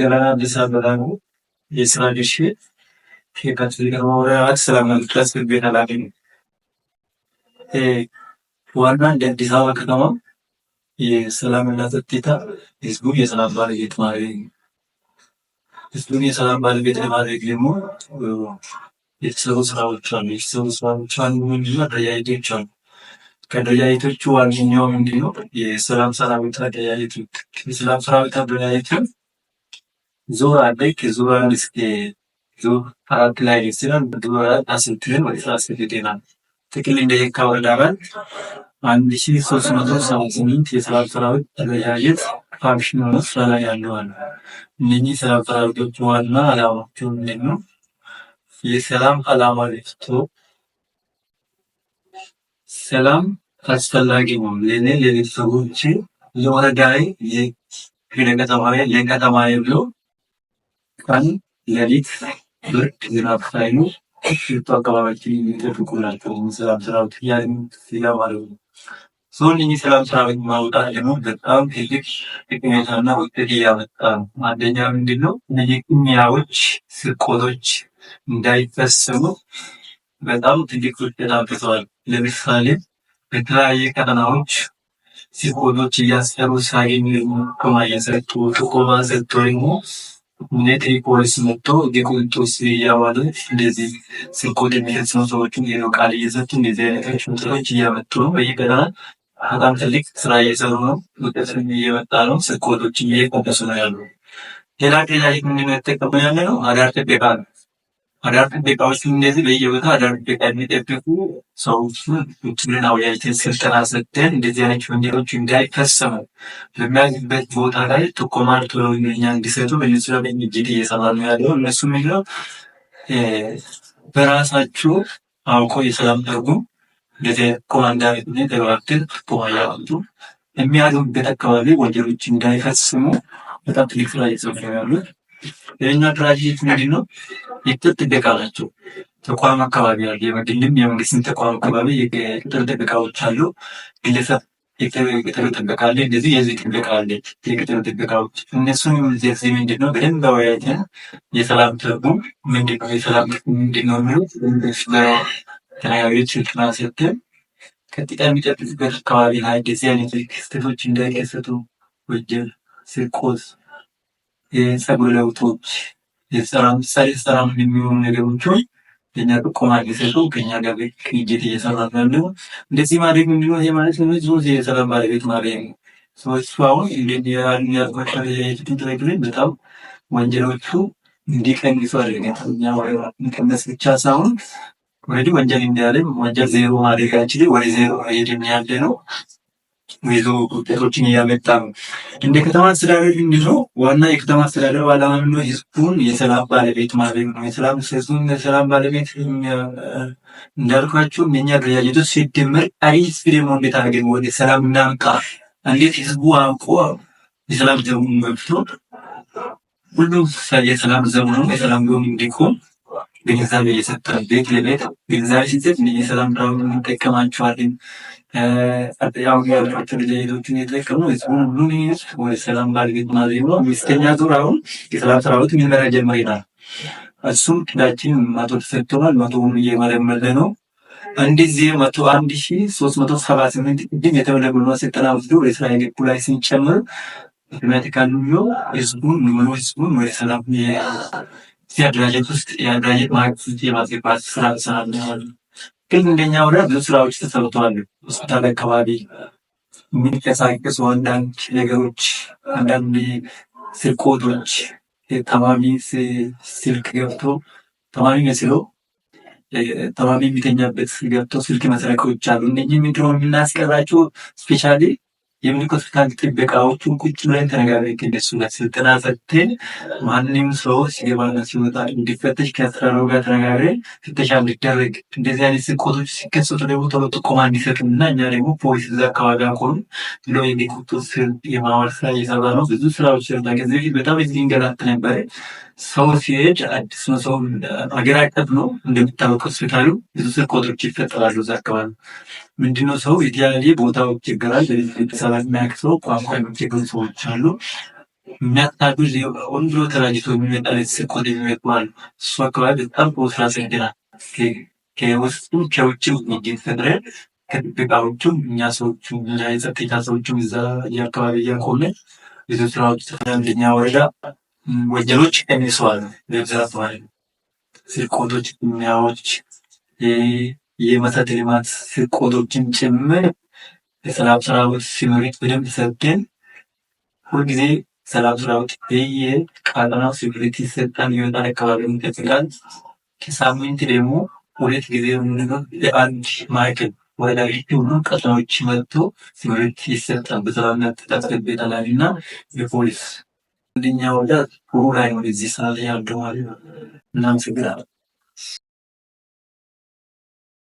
ገና አዲስ አበባ ነው የስራ ድርሽ ከካቶሊክ ማውሪያት ስራ መቅጠስ ቤት ኃላፊ ዋና እንደ አዲስ አበባ ከተማ የሰላምና ጸጥታ ህዝቡ የሰላም ባለቤት ማድረግ ህዝቡን የሰላም ባለቤት ለማድረግ ደግሞ የተሰሩ ስራዎች አሉ። የተሰሩ ስራዎች አሉ ምንድነው? አደረጃጀቶች አሉ። ከአደረጃጀቶቹ ዋነኛው ምንድነው? የሰላም ሰራዊት አደረጃጀት የሰላም ሰራዊት አደረጃጀት ዙር አለ። ከዙር አንድ እስከ ዙር አራት ላይ ሲሆን ዙር አራት አስልትህን ወይ አስልት ጤና እንደ የካ ወረዳ አባል አንድ ሺ ሶስት መቶ ሰባ ስምንት የሰላም ሰራዊት አደረጃጀት ፋንክሽን ሆነ ስራ ላይ ያለዋል። እነኚህ ሰላም ሰራዊቶች ዋና አላማቸው ምንድን ነው? የሰላም አላማ ሊፍቶ ሰላም አስፈላጊ ነው። ለኔ ለቤተሰቦቼ ለወረዳዬ ለከተማዬ ብሎ ቀን ሌሊት ብርድ ዝናብ ሳይሉ ሽቶ አካባቢያችን የሚጠብቁ ናቸው። ሰላም ሰራዊት እያለ ማለት ነው። ሲሆን እኚህ ሰላም ሰራዊት ማውጣት ደግሞ በጣም ትልቅ ጥቅሜታና ውጤት እያመጣ ነው። አንደኛ ምንድን ነው እነዚህ ቅሚያዎች፣ ስርቆቶች እንዳይፈሰሙ በጣም ትልቅ ውጤት አምጥተዋል። ለምሳሌ በተለያየ ቀጠናዎች ስርቆቶች እያሰሩ ሳገኝ ሳይን ከማየሰጡ ጥቆማ ሰጥቶ ደግሞ ቴሌፖሊስ መጥቶ የቁጡ እያባለ እንደዚህ ስርቆት የሚፈጽሙ ሰዎችን ቃል እየሰጡ እንደዚህ አይነት ሽምጥሮች እያመጡ ነው። በየቀጠና በጣም ትልቅ ስራ እየሰሩ ነው። ውቀትም እየመጣ ነው። ስርቆቶች እየቀነሱ ነው ያሉ። ሌላ ሌላ የምንጠቀሙ ያለ ነው አዳር ጥበቃ ነው። አዳዲስ ደቃዎች እንደዚህ በየቦታ አዳዲስ ደቃ የሚጠብቁ ሰዎች ሰዎችን አወያይተን ስልጠና ሰጥተን እንደዚህ አይነት ወንጀሎች እንዳይፈሰሙ በሚያዝበት ቦታ ላይ ጥቆማን ቶሎ ኛ እንዲሰጡ በነሱ ላይ እንግዲህ እየሰራ ነው ያለው። እነሱ የሚለው በራሳችሁ አውቆ የሰላም ደርጉ እንደዚህ ኮማንዳ ቤት ተግባብተን ጥቆማ እያወጡ የሚያሉበት አካባቢ ወንጀሎች እንዳይፈስሙ በጣም ትልቅ ስራ እየሰሩ ነው ያሉት። የኛ ድራጅት ምንድን ነው? የቅጥር ጥበቃ አላቸው። ተቋም አካባቢ አሉ። የግልም የመንግስትን ተቋም አካባቢ የቅጥር ጥበቃዎች አሉ። ግለሰብ የቅጥር ጥበቃ አለ። እንደዚህ የዚህ ጥበቃ አለ። የቅጥር ጥበቃዎች እነሱም ዚህ ምንድን ነው በደንብ አወያየን። የሰላም ትርጉም ምንድን ነው? የሰላም ምንድን ነው የሚሉት ተለያዩ ስልጠና ሰጥተን ቀጥታ የሚጠብቅበት አካባቢ ላይ እንደዚህ አይነት ክስተቶች እንዳይከሰቱ ወንጀል፣ ስርቆት፣ የጸጉር ለውጦች የተሰራ ምሳሌ የተሰራ የሚሆኑ ነገሮች ሆይ ለእኛ ጥቆማ ሊሰጡ ከኛ ጋር ቅንጅት እየሰራ ያለው እንደዚህ ማድረግ ምንድነው ይሄ ማለት ነው። ሰዎች እየሰራ ባለቤት ማድረግ ነው። ሰዎች አሁን ያልኳቸው ላይ በጣም ወንጀሎቹ እንዲቀንሱ አድርገናል። ብቻ ሳይሆን ወደ ወንጀል እንዲያለ ወንጀል ዜሮ ማድረግ አንችል ወደ ዜሮ ሄድን ያለ ነው። ይዞ ውጤቶችን እያመጣ ነው። እንደ ከተማ አስተዳደር እንዲኖ ዋና የከተማ አስተዳደር ዓላማ ምንድነው? ህዝቡን የሰላም ባለቤት ማድረግ ነው። የሰላም ህዝቡን የሰላም ባለቤት እንዳልኳቸው የኛ አደረጃጀቶች ሲደመር ቀሪ ህዝብ ደግሞ እንዴት አድርገን ወደ ሰላም እናምጣ፣ እንዴት ህዝቡ አውቆ የሰላም ዘቡን መብቶ ሁሉም የሰላም ዘቡ ነው የሰላም ዘቡን እንዲቆም ግንዛቤ እየሰጠ ቤት ለቤት ግንዛቤ ሲሰጥ የሰላም ድራውን እንጠቀማቸዋለን ያው ያላቸውን ሌሎችን የጠቀሙ ህዝቡን ሁሉን ወይ ሰላም ባልግት ማድረግ ነው። አምስተኛ ዙር አሁን የሰላም ሰራዊት ምልመራ ጀምረናል። እሱም ቅዳችን መቶ ተሰጥተዋል። መቶውን እየመረመረ ነው። እንደዚህ መቶ አንድ ሺ ሶስት መቶ ሰባ ስምንት ቅድም የተመለመሉ ስልጠና ወስዶ ወደ ስራ የገቡ ላይ ስንጨምር ሜቲካልዮ ህዝቡን ህዝቡን ወደ ሰላም የአደራጀት ውስጥ የአደራጀት ማዕቀፍ ውስጥ የማስገባት ስራ ሰናል ግን እንደኛ ሆነ ብዙ ስራዎች ተሰርተዋል። ሆስፒታል አካባቢ የሚንቀሳቀሱ አንዳንድ ነገሮች፣ አንዳንድ ስርቆቶች ታማሚ ስልክ ገብቶ ታማሚ መስሎ ታማሚ የሚተኛበት ገብቶ ስልክ መስረቆች አሉ። እነ ምንድነው የምናስቀራቸው? ስፔሻሊ የምኒልክ ሆስፒታል ጥበቃዎቹን ቁጭ ብለን ተነጋገርን። ከእነሱ ጋር ስልጠና ሰጥተን ማንም ሰው ሲገባና ሲወጣ እንዲፈተሽ ከአስተዳደሩ ጋር ተነጋግረን ፍተሻ እንዲደረግ እንደዚህ አይነት ስቆቶች ሲከሰቱ ደግሞ ቶሎ ጥቆማ እንዲሰጥን እና እኛ ደግሞ ፖሊስ እዛ አካባቢ አቆም ብሎ የሚቁጡ ስር የማዋል ስራ እየሰራ ነው። ብዙ ስራዎች ስርና ከዚህ በፊት በጣም እንገላት ነበረ። ሰው ሲሄድ አዲስ ነው። ሰው አገር አቀፍ ነው እንደሚታወቅ ሆስፒታሉ ብዙ ስርቆቶች ይፈጠራሉ እዛ አካባቢ ምንድነው ሰው የተለያየ ቦታው ይቸገራል። ቤተሰብ የሚያውቅ ሰው ቋንቋ የሚቸገሩ ሰዎች አሉ። የሚያታዱት ወንድሮ ተራጅቶ የሚመጣ ቤተሰብ ቆ የሚመጡ አሉ። እሱ አካባቢ በጣም በስራ ሰግናል። ከውስጡ ከውጭም ሚጌት ፈጥረን ከጥበቃዎቹም እኛ ሰዎቹ እኛ የጸጥታ ሰዎቹም እዛ የአካባቢ እያቆመ ብዙ ስራዎች አንደኛ ወረዳ ወንጀሎች ቀንሰዋል። ለብዛት ማለት ስርቆቶች ሚያዎች የመሰረተ ልማት ስቆቶችን ጭምር የሰላም ሰራዊት ስምሪት በደንብ ሰብደን ሁልጊዜ ሰላም ሰራዊት በየቀጠናው ስምሪት ይሰጣል። የወጣ አካባቢ ይጠብቃል። ከሳምንት ደግሞ ሁለት ጊዜ የአንድ ማዕከል ወላጅ ሁሉ ቀጠናዎች መጥቶ ስምሪት ይሰጣል። በሰላምና ጸጥታ ጽሕፈት እና የፖሊስ አንደኛ ወዳት ሁሩ ላይ ወደዚህ ሰዓት ያደዋል። እናመሰግናለን።